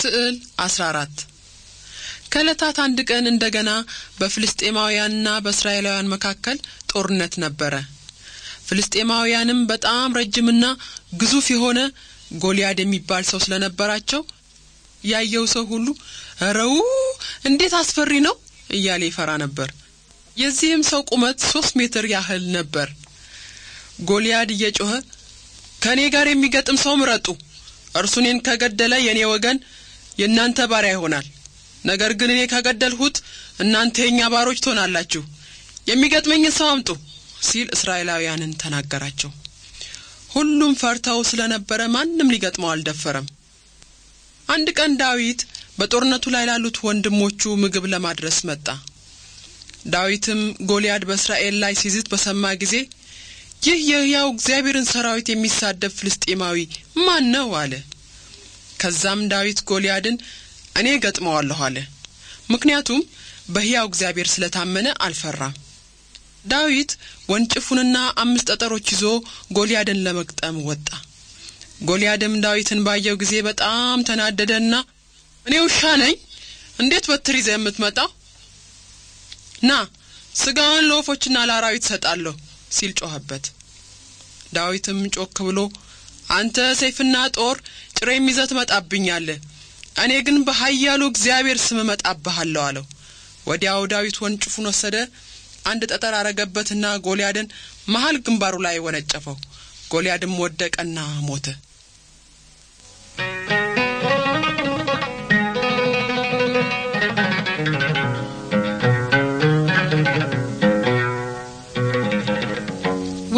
ስዕል 14 ከእለታት አንድ ቀን እንደገና በፍልስጤማውያንና በእስራኤላውያን መካከል ጦርነት ነበረ። ፍልስጤማውያንም በጣም ረጅምና ግዙፍ የሆነ ጎልያድ የሚባል ሰው ስለነበራቸው ያየው ሰው ሁሉ ረው እንዴት አስፈሪ ነው እያለ ይፈራ ነበር። የዚህም ሰው ቁመት ሶስት ሜትር ያህል ነበር። ጎልያድ እየጮኸ ከእኔ ጋር የሚገጥም ሰው ምረጡ፣ እርሱ እኔን ከገደለ የእኔ ወገን የእናንተ ባሪያ ይሆናል። ነገር ግን እኔ ከገደልሁት እናንተ የእኛ ባሮች ትሆናላችሁ። የሚገጥመኝን ሰው አምጡ ሲል እስራኤላውያንን ተናገራቸው። ሁሉም ፈርተው ስለነበረ ማንም ሊገጥመው አልደፈረም። አንድ ቀን ዳዊት በጦርነቱ ላይ ላሉት ወንድሞቹ ምግብ ለማድረስ መጣ። ዳዊትም ጎልያድ በእስራኤል ላይ ሲዝት በሰማ ጊዜ ይህ የሕያው እግዚአብሔርን ሰራዊት የሚሳደብ ፍልስጤማዊ ማን ነው? አለ። ከዛም ዳዊት ጎልያድን እኔ ገጥመዋለሁ አለ። ምክንያቱም በሕያው እግዚአብሔር ስለታመነ አልፈራም። ዳዊት ወንጭፉንና አምስት ጠጠሮች ይዞ ጎልያድን ለመግጠም ወጣ። ጎልያድም ዳዊትን ባየው ጊዜ በጣም ተናደደና እኔ ውሻ ነኝ? እንዴት በትር ይዘህ የምትመጣው? ና ስጋውን ለወፎችና ለአራዊት እሰጣለሁ ሲል ጮኸበት። ዳዊትም ጮክ ብሎ አንተ ሰይፍና ጦር ጥሬም ይዘህ ትመጣብኛለህ፣ እኔ ግን በኃያሉ እግዚአብሔር ስም እመጣብሃለሁ አለው። ወዲያው ዳዊት ወንጭፉን ወሰደ፣ አንድ ጠጠር አረገበትና ጎልያድን መሃል ግንባሩ ላይ ወነጨፈው። ጎልያድም ወደቀና ሞተ።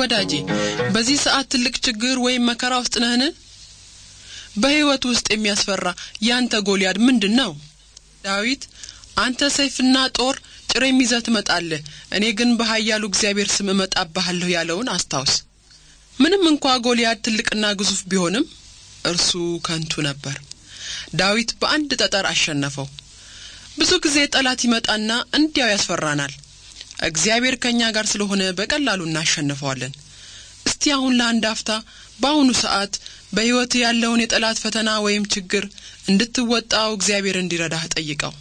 ወዳጄ በዚህ ሰዓት ትልቅ ችግር ወይም መከራ ውስጥ ነህን? በሕይወት ውስጥ የሚያስፈራ ያንተ ጎልያድ ምንድን ነው? ዳዊት አንተ ሰይፍና ጦር ጭሬም ይዘህ ትመጣለህ፣ እኔ ግን በኃያሉ እግዚአብሔር ስም እመጣብሃለሁ ያለውን አስታውስ። ምንም እንኳ ጎልያድ ትልቅና ግዙፍ ቢሆንም እርሱ ከንቱ ነበር። ዳዊት በአንድ ጠጠር አሸነፈው። ብዙ ጊዜ ጠላት ይመጣና እንዲያው ያስፈራናል። እግዚአብሔር ከእኛ ጋር ስለሆነ በቀላሉ እናሸንፈዋለን። እስቲ አሁን ለአንድ አፍታ በአሁኑ ሰዓት በሕይወት ያለውን የጠላት ፈተና ወይም ችግር እንድትወጣው እግዚአብሔር እንዲረዳህ ጠይቀው።